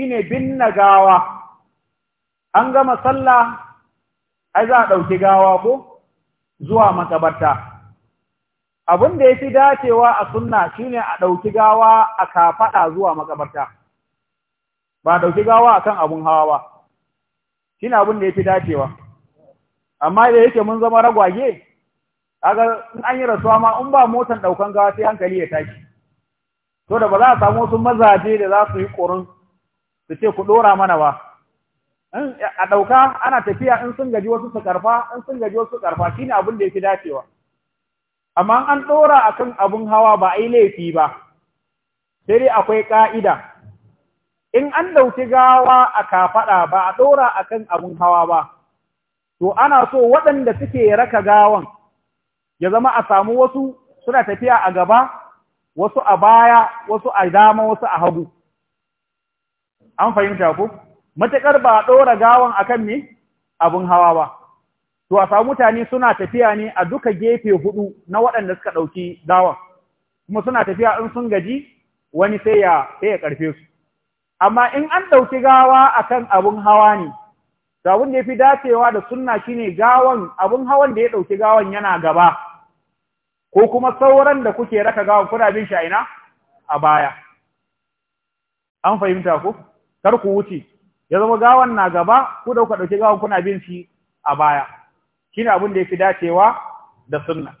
shine binna gawa an gama sallah ai za a ɗauki gawa ko zuwa makabarta abin da ya fi dacewa a sunna shine a ɗauki gawa a kafaɗa zuwa makabarta ba ɗauki gawa akan abun hawa ba shine abin da ya fi dacewa amma da yake mun zama ragwage aga in an yi rasuwa ma in ba motan ɗaukan gawa sai hankali ya tashi to da ba za a samu wasu mazaje da za su yi ƙorin su ce ku ɗora mana ba a ɗauka ana tafiya in sun gaji wasu su karfa in sun gaji wasu karfa ne abin da ya fi dacewa amma an ɗora a kan abin hawa ba a yi laifi ba sai dai akwai ƙa'ida. in an ɗauki gawa a kafaɗa ba a ɗora a kan abin hawa ba to ana so waɗanda suke raka gawan ya zama a samu wasu suna tafiya a gaba wasu a baya wasu a dama wasu a hagu an fahimta ko matakar ba ɗora gawan akan ne abun hawa ba to a samu mutane suna tafiya ne a duka gefe hudu na waɗanda suka ɗauki gawan kuma suna tafiya in sun gaji wani sai ya sai ya karfe su amma in an ɗauki gawa akan abun hawa ne sabun da yafi dacewa da sunna shine gawan abin hawan da ya ɗauki gawan yana gaba ko kuma sauran da kuke raka gawan kuna bin shi a ina a baya an fahimta ku? kar ku wuce ya zama gawan na gaba ku da ku ɗauki gawan kuna bin shi a baya shine abin da yake dacewa da sunna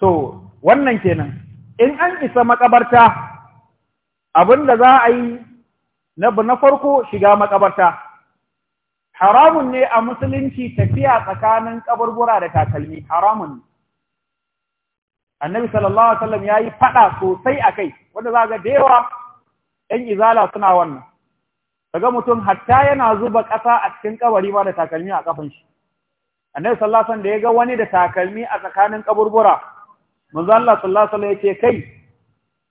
so wannan kenan in an isa makabarta abin da za a yi na na farko shiga makabarta haramun ne a musulunci tafiya tsakanin kaburbura da takalmi haramun annabi sallallahu alaihi wasallam yayi fada sosai akai wanda za ga da yawa ɗan izala suna wannan daga mutum hatta yana zuba ƙasa a cikin kabari ma da takalmi a kafan shi annabi sallallahu alaihi da ya ga wani da takalmi a tsakanin kaburbura manzo Allah sallallahu alaihi yace kai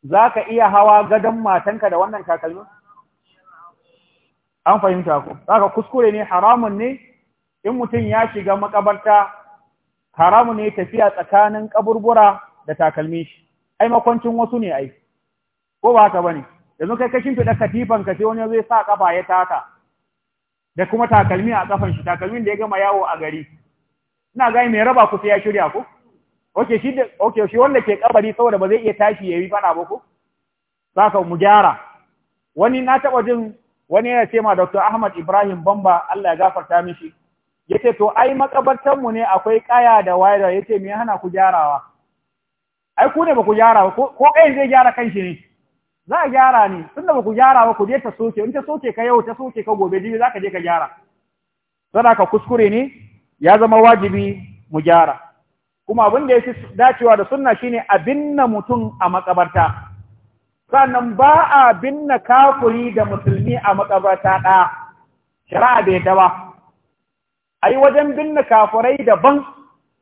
zaka iya hawa gadon matanka da wannan takalmin an fahimta Za zaka kuskure ne haramun ne in mutum ya shiga makabarta haramun ne tafiya tsakanin kaburbura da takalmin shi ai makwancin wasu ne ai ko ba haka bane yanzu kai kashin fiɗa katifan ka sai wani zai sa kafa ya taka da kuma takalmi a kafan shi takalmin da ya gama yawo a gari ina ga mai raba ku sai ya shirya ku oke shi wanda ke kabari saboda ba zai iya tashi ya yi fada ba ku saka mu gyara wani na taba jin wani yana ce ma Dr. Ahmad Ibrahim Bamba Allah ya gafarta mishi yace to ai makabartan mu ne akwai kaya da wayar yace me hana ku gyarawa ai ku ne ba ku gyara ko kai zai gyara kanshi ne za a gyara ne tun da ba ku gyara ba ku je ta soke in ta soke ka yau ta soke ka gobe jibi za ka je ka gyara sana ka kuskure ne ya zama wajibi mu gyara kuma abin da ya fi dacewa da sunna ne a binne mutum a makabarta sannan ba a binne kafuri da musulmi a makabarta ɗaya shari'a bai yadda ba a yi wajen binne kafurai daban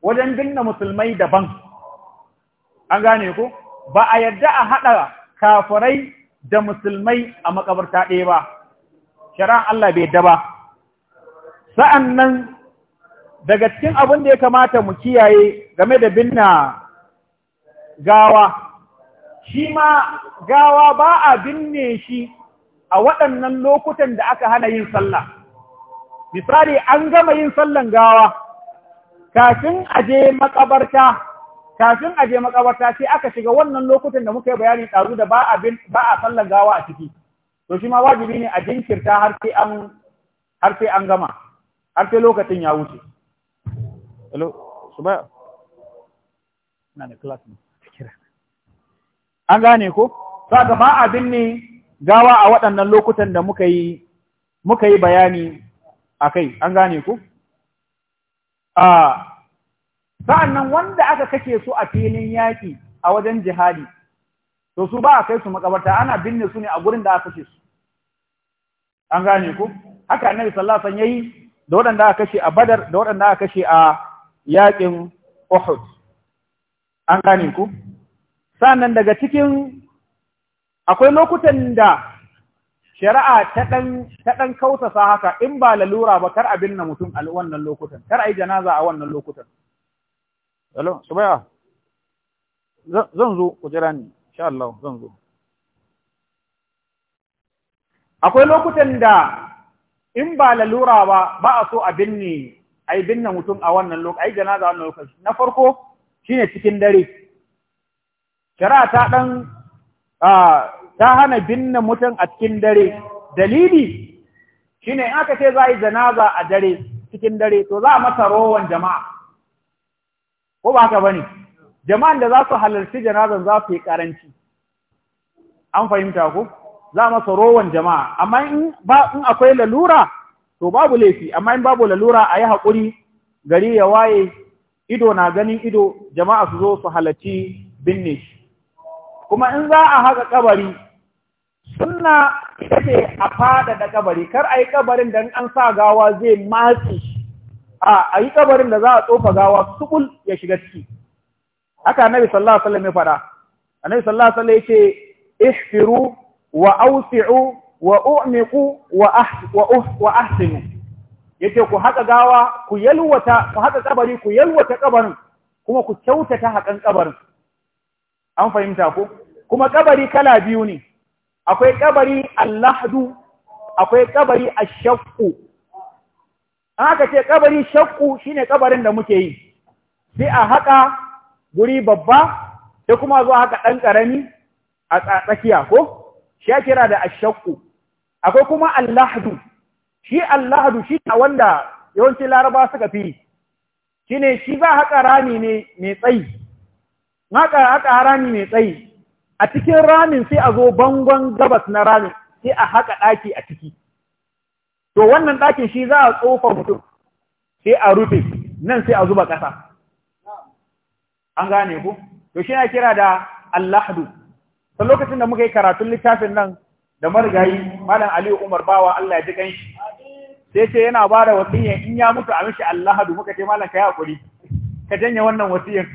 wajen binne musulmai daban an gane ku ba a yadda a haɗa kafirai da musulmai a makabarta ɗaya ba shari'an Allah bai daba. ba sa'an nan daga cikin abin da ya kamata mu kiyaye game da binna gawa shi ma gawa ba a binne shi a waɗannan lokutan da aka hana yin sallah misali an gama yin sallan gawa kafin a je makabarta kafin a je makabarta sai aka shiga wannan lokutan da muka yi bayani ɗaru da ba a sallan gawa a ciki to shi ma wajibi ne a jinkirta har sai an har sai an gama har sai lokacin ya wuce hello subaya na da class ne an gane ko ka ba a binne gawa a waɗannan lokutan da muka yi muka yi bayani akai an gane ko a ah, sa'annan wanda aka kashe su a filin yaƙi a wajen jihadi to su ba a kai su makabarta ana binne su ne a gurin da aka kashe su an gane ku haka annabi sallallahu alaihi yayi da waɗanda aka kashe a Badar da waɗanda aka kashe a yaƙin Uhud an gane ku sa'annan daga cikin akwai lokutan da shari'a ta ɗan ta dan kausasa haka in ba lalura ba kar abin na mutum a wannan lokutan kar ai janaza a wannan lokutan Hello, Subaya, zan zo ku jira ni, insha Allah zan zo. Akwai lokutan da in ba lalura ba, ba a so a binne, a yi binne mutum a wannan lokaci, a yi janaza wannan lokaci. Na farko shi ne cikin dare. Shara ta ɗan ta hana binne mutum a cikin dare. Dalili shi ne in aka ce za a yi janaza a dare, cikin dare, to za a masa rowan jama'a. ko ba haka bane jama'an da za su halarci janazan za su yi karanci an fahimta ku? za masa rowan jama'a amma in akwai lalura to babu laifi amma in babu lalura a yi haƙuri gari ya waye ido na ganin ido jama'a su zo su halarci binne shi kuma in za a haka kabari suna ce a fada da kabari kar a yi kabarin da an sa gawa zai matsi a a yi kabarin da za a tsofa gawa subul ya shiga ciki haka Nabi sallallahu alaihi wasallam ya fada annabi sallallahu alaihi wasallam yace ihfiru wa awsi'u wa u'miqu wa wa ahsinu yace ku haka gawa ku yalwata ku haka kabari ku yalwata kabarin kuma ku kyautata hakan kabarin an fahimta ku. kuma kabari kala biyu ne akwai kabari lahdu, akwai kabari ashaqu an aka ce kabari shakku ne ƙabarin da muke yi sai a haƙa guri babba sai kuma zuwa haka ɗan ƙarami a tsakiya ko shi ya kira da ashakku akwai kuma allahdu shi allahdu shi a wanda yawancin laraba suka fi shi ne shi za haƙa rami ne mai tsayi haƙa rami mai tsayi a cikin ramin sai a zo bangon gabas na ramin sai a haƙa ɗaki a ciki to wannan ɗakin shi za a tsofa mutum sai a rufe nan sai a zuba ƙasa an gane ku to shi na kira da allahdu ta lokacin da muka yi karatun littafin nan da marigayi malam aliyu umar bawa allah ya ji shi. sai ce yana ba da wasiyyar in ya mutu a mishi allahdu muka ce malam ka yi haƙuri ka janye wannan wasiyyar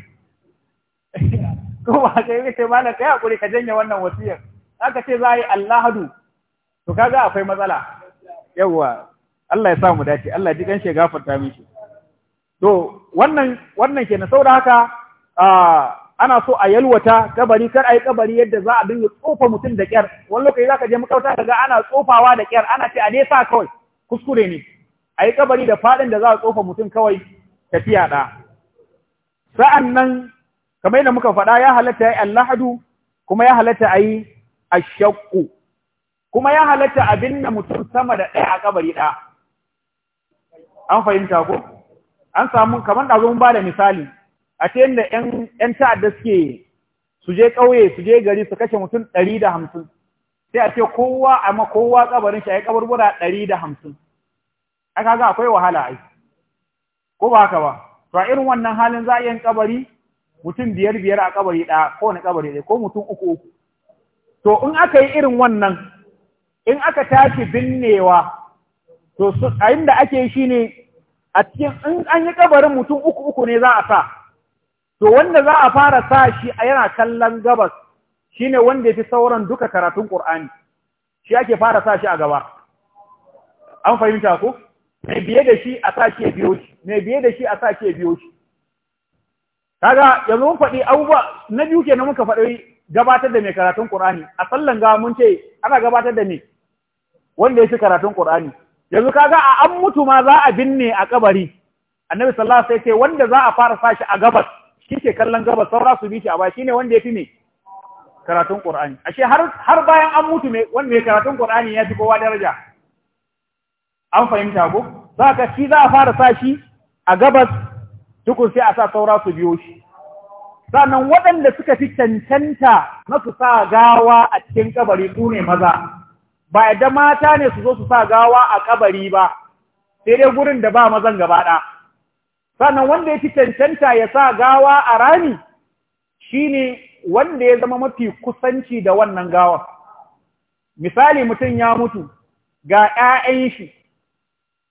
kuma ka yi ce malam ka yi haƙuri ka janye wannan wasiyyar ka ce za a yi allahdu to kaga akwai matsala yawwa Allah ya samu dace Allah ji kan shi gafarta mishi to wannan wannan kenan saboda haka ana so a yalwata kabari kar ai kabari yadda za a dinga tsofa mutum da kyar wani lokaci zaka je makauta kaga ana tsofawa da kyar ana ce a dai sa kawai kuskure ne ai kabari da fadin da za a tsofa mutum kawai tafiya da sa'annan kamar yadda muka faɗa ya halatta ai allahadu kuma ya halatta ai ashaqqu kuma ya halatta abin da mutum sama da ɗaya a kabari ɗaya an fahimta ko an samu kamar da zo mun ba da misali a ta yadda ‘yan ta'adda suke su je ƙauye su je gari su kashe mutum ɗari da hamsin sai a ce kowa a ma kowa kabarin shi a yi kabarbura ɗari da hamsin aka ga akwai wahala ai ko ba haka ba to a irin wannan halin za a yi kabari mutum biyar biyar a kabari ɗaya ko wani kabari ɗaya ko mutum uku uku to in aka yi irin wannan in aka tashi binnewa to a inda ake shi ne a cikin in an yi kabarin mutum uku uku ne za a sa to wanda za a fara sa shi a yana kallon gabas shi ne wanda ya fi sauran duka karatun ƙur'ani. shi ake fara sa shi a gaba an fahimta ku? mai biye da shi a sa shi ya biyo shi mai biye da shi a sa shi ya biyo shi kaga yanzu mun faɗi abubuwa na biyu kenan muka faɗi gabatar da mai karatun ƙur'ani. a sallan gawa mun ce ana gabatar da me wanda ya fi karatun Qur'ani yanzu kaga a an mutu ma za a binne a kabari annabi sallallahu alaihi wasallam ce wanda za a fara sashi a gabas shi ke kallon gabas saura su bi shi a baya shine wanda ya fi ne karatun Qur'ani ashe har har bayan an mutu me wanda ya karatun Qur'ani ya fi kowa daraja an fahimta ko ka shi za a fara sashi a gabas tukun sai a sa saura su biyo shi sannan waɗanda suka fi cancanta na su sa gawa a cikin kabari su ne maza ba yadda mata ne su zo su sa gawa a kabari ba sai dai gurin da ba mazan gaba ɗa sannan wanda ya fi cancanta ya sa gawa a rami shine wanda ya zama mafi kusanci da wannan gawar misali mutum ya mutu ga 'ya'yan shi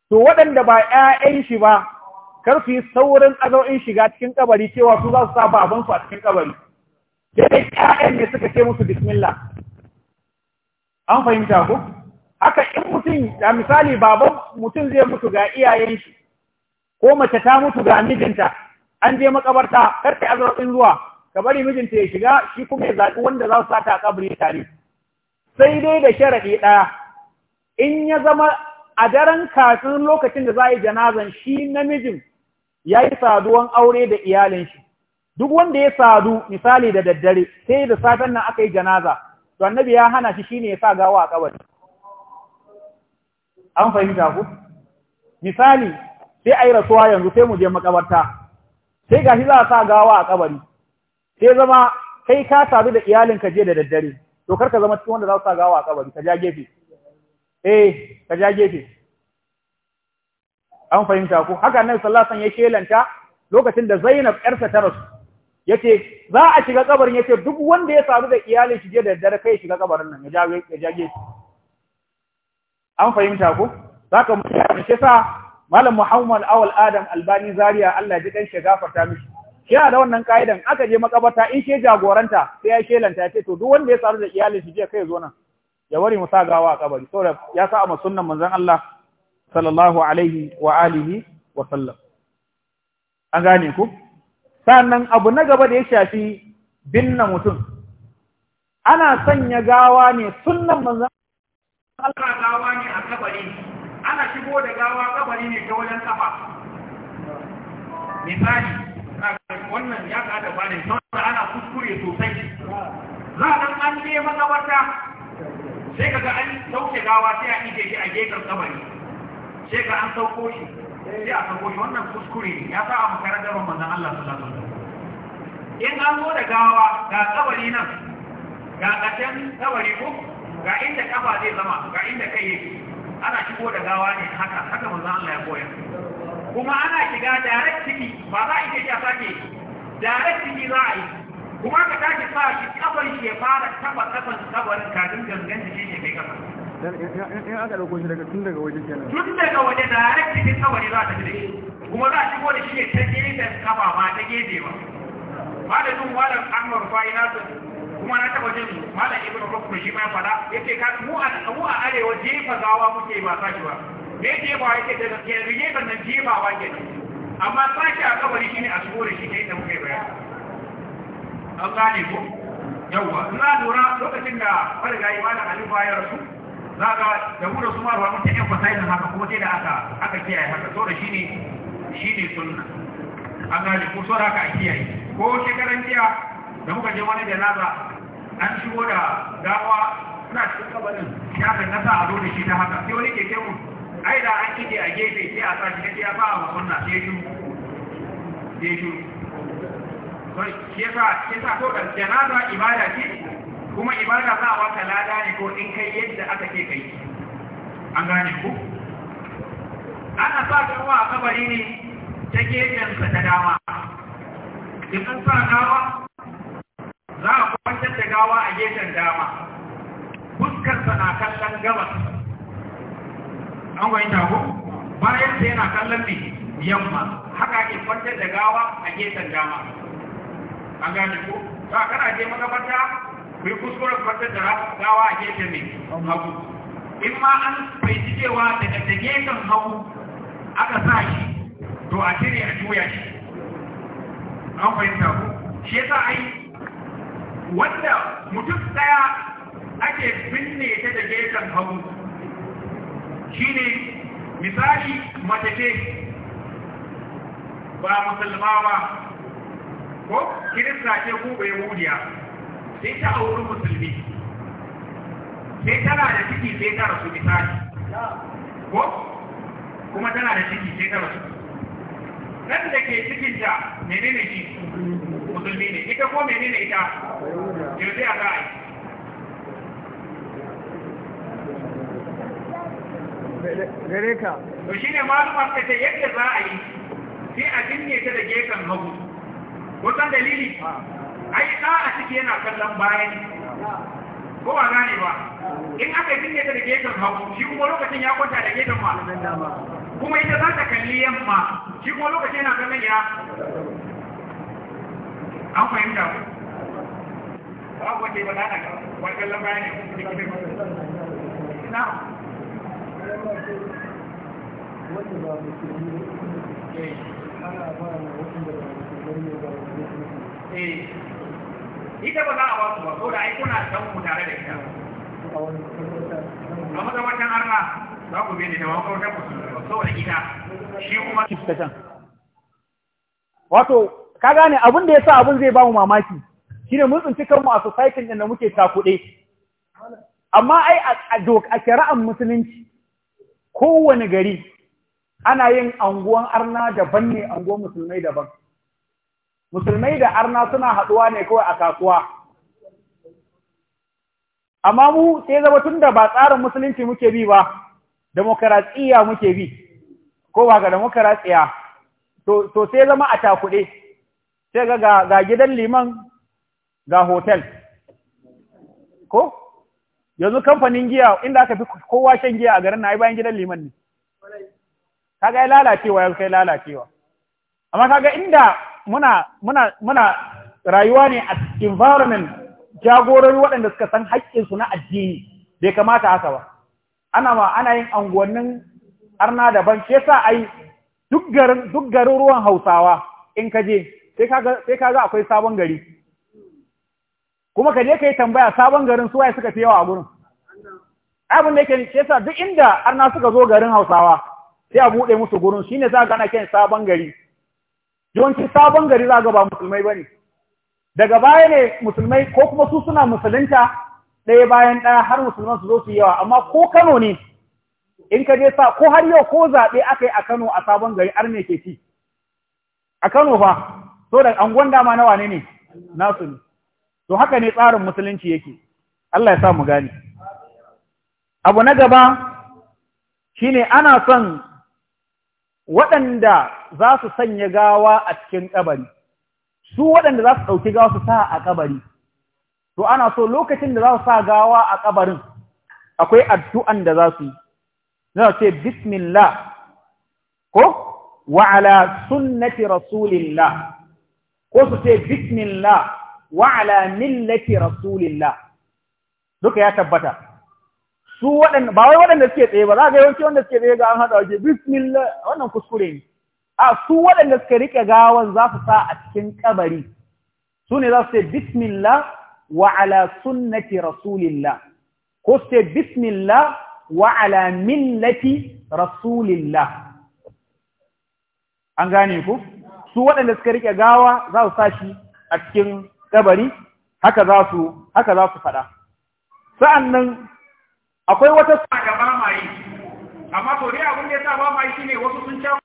to waɗanda ba 'ya'yan shi ba kar su yi saurin azo'in shiga cikin kabari cewa su za su sa babansu a cikin kabari sai 'ya'yan ne suka ce musu bismillah an fahimta ko haka in mutum a misali baban mutum zai mutu ga iyayen shi ko mace ta mutu ga mijinta an je makabarta karka azarfin zuwa ka bari mijinta ya shiga shi kuma ya zaɓi wanda za su sata a kabari tare sai dai da sharaɗi ɗaya in ya zama a daren kafin lokacin da za a yi janazan shi namijin ya yi saduwan aure da iyalin shi duk wanda ya sadu misali da daddare sai da safen nan aka yi janaza to annabi ya hana shi shine ya sa gawa a kabari an fahimta ku misali sai ai rasuwa yanzu sai mu je makabarta sai gashi za a sa gawa a kabari sai zama kai ka sadu da iyalinka je da daddare to kar ka zama cikin wanda za su sa gawa a kabari ka ja gefe eh ka ja gefe an fahimta ku haka annabi sallallahu alaihi wasallam ya shelanta lokacin da Zainab ƴarsa ta rasu Ya ce za a shiga kabarin yace duk wanda ya samu da iyalin shi da daddare kai shiga kabarin nan ya jage ya an fahimta ko zaka mutu shi sa malam Muhammad Awal Adam Albani Zaria Allah ji dan gafarta mishi shi da wannan kaidan aka je makabarta in shi jagoranta sai ya shelanta yace to duk wanda ya samu da iyalin shi je kai zo nan ya bari mu gawa a kabari saboda ya sa a sunnan manzon Allah sallallahu alaihi wa alihi wa sallam an gane ku sannan abu na gaba da ya shafi binna mutum ana sanya gawa ne sunnan manzan Allah gawa ne a kabari ana shigo da gawa kabari ne ta wajen kafa misali wannan ya kada bane saboda ana kuskure sosai za a dan an je makabarta sai kaga an sauke gawa sai a ije shi a gefen kabari sai ka an sauko shi sai a sako wannan kuskure ne ya sa a makarantar manzon Allah sallallahu alaihi wasallam in an zo da gawa ga kabari nan ga kashin kabari ko ga inda kafa zai zama ga inda kai yake ana shigo da gawa ne haka haka manzon Allah ya koya kuma ana shiga direct ciki ba za a iya ya sake direct ciki za a yi kuma ka tashi sa shi kabari ya fara taba kasan kabarin kafin gangan jikin shi kai kafa in aka dauko shi daga tun daga waje kenan tun daga waje direct cikin kabari za ta fi dake kuma za a shigo da shi ne ta da kafa ba ta gefe ba malamin malam anwar fayi na su kuma na taba jin malam ibn rukun shi mai fada yake ka mu a mu a arewa jefa gawa muke ba sashi ba me jefa yake da gaskiya gefen nan jefa ba kenan amma sashi a kabari shine a shigo da shi ne da muke bayani an gane ko yawwa ina lura lokacin da ma da alifa ya rasu za ka da mu su ma ba ta yan fasahin haka kuma sai da aka aka kiyaye haka so da shine shine sunna an gane ko saboda haka a kiyaye ko shekaran jiya da muka je wani janaza an shigo da gawa suna cikin kabarin shafin nasa a zo da shi ta haka sai wani keke mu ai da an kike a gefe sai a sa shi ya ba a sunna sai shi sai shi sai shi yasa yasa to da janaza ibada ce kuma ibada za a baka lada ne ko in kai yadda aka ke kai an gane ku ana sa gawa a kabari ne ta sa ta dama in sa gawa za a kwantar da gawa a gefen dama sa na kallon gabas an ta ku bayan sa yana kallon ne yamma haka ke kwantar da gawa a gefen dama an gane ku za kana je makabarta ku yi kuskuren fatar da gawa a gefen mai hagu in ma an fahimci cewa daga da gefen hagu aka sa shi to a cire a juya shi an fahimta ku shi yasa ai wanda mutum daya ake binne ta da gefen hagu shine misali mace ce ba musulma ba ko kirista ce ku bai wudiya sai ta auri musulmi sai tana da ciki sai ta rasu misali ko kuma tana da ciki sai ta rasu nan da ke cikinta menene shi musulmi ne ita ko menene ita yau zai a za a yi gare ka. To shi ne malumar ka ce yadda za a yi sai a binne ta da gefen hagu. san dalili? Ah. ai da a ciki yana kallon bayan ko ba gane ba in aka yi tinye da gefen hagu shi kuma lokacin ya kwanta da gefen ma kuma ita za ta kalli yamma shi kuma lokacin yana kallon ya an fahimta ku babu wanda ba bada da wani kallon bayan ne da gefen na wanda ba musulmi ana ba na wasu da ba musulmi ba eh ita ba za a ba su ba so da ai kuna san ku tare da ita a mazamatan arna za ku bi ne da makarantar musulmi ba saboda ita shi kuma kiftatan wato ka gane abin da yasa abin zai ba mu mamaki shine mun tsinci kanmu a society din da muke takuɗe amma ai a a shari'ar musulunci kowane gari ana yin anguwan arna daban ne anguwan musulmai daban musulmai da arna suna haɗuwa ne kawai a kasuwa amma mu sai zama tun da ba tsarin musulunci muke bi ba demokaratiyya muke bi ko ba ga demokaratiyya to to sai zama a takuɗe sai ga ga gidan liman ga hotel ko yanzu kamfanin giya inda aka fi kowa shan giya a garin na yi bayan gidan liman ne kaga ya lalacewa ya kai lalacewa amma kaga inda muna muna muna rayuwa ne a environment jagorori waɗanda suka san haƙƙinsu na addini bai kamata haka ba ana ma ana yin anguwannin arna daban shi sa ai duk garin duk garuruwan Hausawa in ka je sai ka ga akwai sabon gari kuma ka je ka yi tambaya sabon garin su suka fi yawa a gurin abin da yake shi yasa duk inda arna suka zo garin Hausawa sai a buɗe musu gurin shine za ga gana kyan sabon gari yawanci sabon gari za ga ba musulmai ba ne daga baya ne musulmai ko kuma su suna musulunta ɗaya bayan ɗaya har musulman su zo su yawa amma ko kano ne in ka je sa ko har yau ko zaɓe aka yi a kano a sabon gari ar ne ke ci a kano fa so da angon dama na wane ne nasu ne to haka ne tsarin musulunci yake Allah ya sa mu gane abu na gaba shine ana son waɗanda za su sanya gawa a cikin ƙabari, su waɗanda za su ɗauki gawa su sa a ƙabari, to ana so lokacin da za su sa gawa a ƙabarin akwai addu'an da za su yi, za ce bismillah ko wa'ala sunnati rasulillah ko su ce bismillah wa'ala millati rasulillah duka ya tabbata. su waɗanda ba wai waɗanda suke tsaye ba za ga yawanci wanda suke tsaye ga an haɗa waje bismillah wannan kuskure ne a su waɗanda suka riƙe gawan za su sa a cikin kabari su ne za su ce bismillah wa ala sunnati rasulillah ko su ce bismillah wa ala millati rasulillah an gane ku su waɗanda suka riƙe gawa za su sa shi a cikin kabari haka za su haka za su faɗa sa'annan akwai wata sa da ba amma to dai abin da ya sa ba ma shine wasu sun ca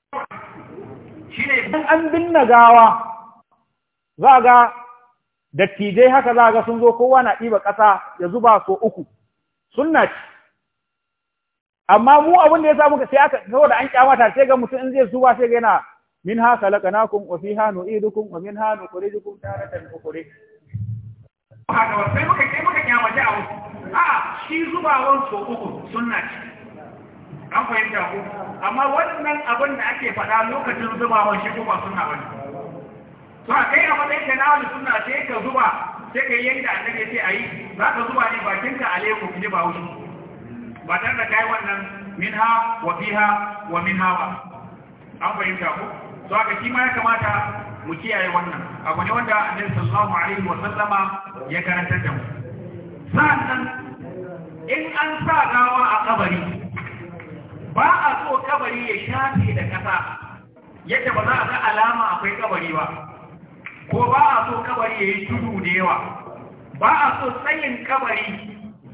shine idan an binne gawa za ga dattijai haka za ga sun zo kowa na ɗiba ƙasa ya zuba so uku sunna ci. amma mu abin da ya muka sai aka saboda an kyamata sai ga mutum in zai zuba sai ga yana min ha khalaqnakum wa fiha nu'idukum wa minha nukhrijukum taratan ukhra haka sai muka kai muka kyamace a wasu a shi zubawan so uku suna ce an fahimta ku amma wannan abin da ake faɗa lokacin zubawan shi kuma suna wani to a kai a matsayin na wani suna sai ka zuba sai ka yi a annabi sai a yi za ka zuba ne bakin ka alaikum ne ba wuce ba tare da kai wannan minha wa fiha wa minha ba an fahimta ku to haka shi ma ya kamata mu kiyaye wannan abu ne wanda annabi sallallahu alaihi wa sallama ya karantar da mu sannan in an sa gawa a kabari ba a so kabari ya shafe da kasa yadda ba za a ga alama akwai kabari ba ko ba a so kabari ya yi tudu da yawa ba a so tsayin kabari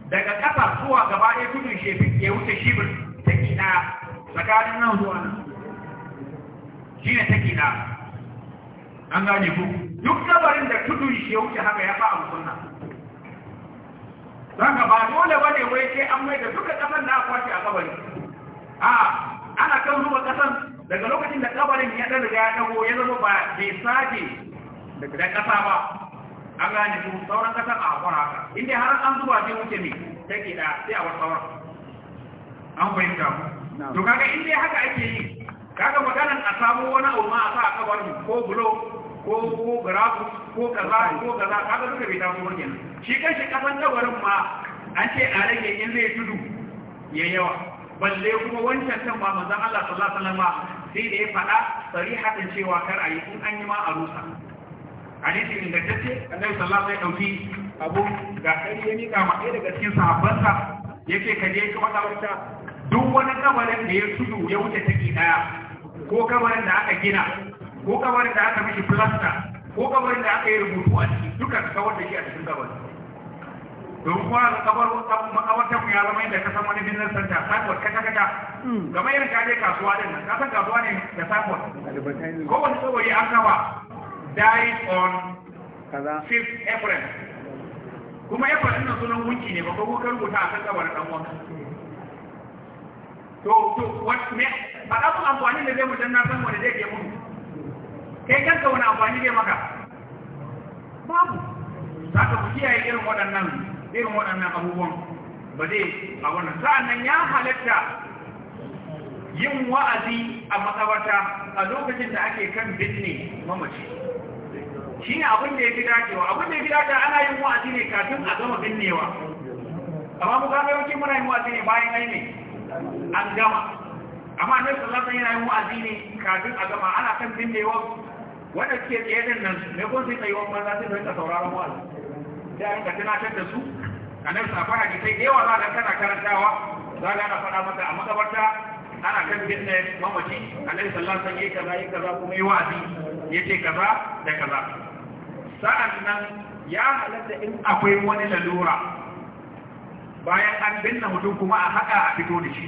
daga kasa zuwa gaba ɗaya tudun shefi ya wuce shibir ta kina tsakanin nan zuwa nan shi ne ta kina an gane ku duk kabarin da tudun shi ya wuce haka ya fa a sunna Zaka ba dole wane wai ke an mai da duka kasar da aka kwashe a kabari. A ana kan zuba kasar daga lokacin da kabarin ya dan riga ya dago ya zama ba bai sake da kasa ba. An gane su sauran kasar a hakura haka. Inda har an zuba sai wuce ne take da sai a wasu sauran. An fahimta ku. To kaga inda haka ake yi kaga maganan a samu wani abu ma a sa a kabarin ko bulo ko ko garafu ko kaza ko kaza kaga duka bai taso ba kenan shi kanshi kasan kabarin ma an ce a rage in zai tudu ya yawa balle kuma wancan can ba manzon Allah sallallahu alaihi wasallam sai da ya faɗa sarihatan cewa kar a yi in an yi ma a rusa hadisi ingantacce annabi sallallahu alaihi wasallam ya dauki abu ga kai ya mika ma ɗaya daga cikin sahabbansa yake ka je ka faɗa wata duk wani kabarin da ya tudu ya wuce take daya ko kabarin da aka gina ko kabarin da aka mishi plasta ko kabarin da aka yi rubutu a ciki duka ka kawar da shi a cikin kabarin don kuma ka kabar makabartar mu ya zama inda ka san wani business center sabuwar kata kata game hmm. irin kaje kasuwa din nan kasan kasuwa ne da sabuwar kowane saboda an kawa died on 5th april kuma ya din nan sunan wunki ne ba ko ka rubuta a kan kabarin dan wani to to what me ba da amfani da zai mu dan na san wani zai ke mun kai kanka wani amfani ne maka babu za ka fi kiyaye irin waɗannan irin waɗannan abubuwan ba zai a wannan sa'annan ya halatta yin wa'azi a makabarta a lokacin da ake kan binne mamaci shi ne abin da ya fi dacewa abin da ya fi dacewa ana yin wa'azi ne kafin a gama binnewa amma mu gama yawanci muna yin wa'azi ne bayan ai ne an gama amma annabi sallallahu alaihi sallam yana yin wa'azi ne kafin a gama ana kan binnewa wanda suke tsaye din nan ne kun sai tsayuwan maza sai rinka sauraron wa'azi sai a rinka tunatar da su a nan safa hadisai da yawa za ka kana karantawa za ka na faɗa maka a makabarta ana kan bin mamaci a nan alaihi wasallam yayi kaza kaza kuma yayi wa'azi ce kaza da kaza sa'an nan ya halatta in akwai wani lalura bayan an binne mutum kuma a haɗa a fito da shi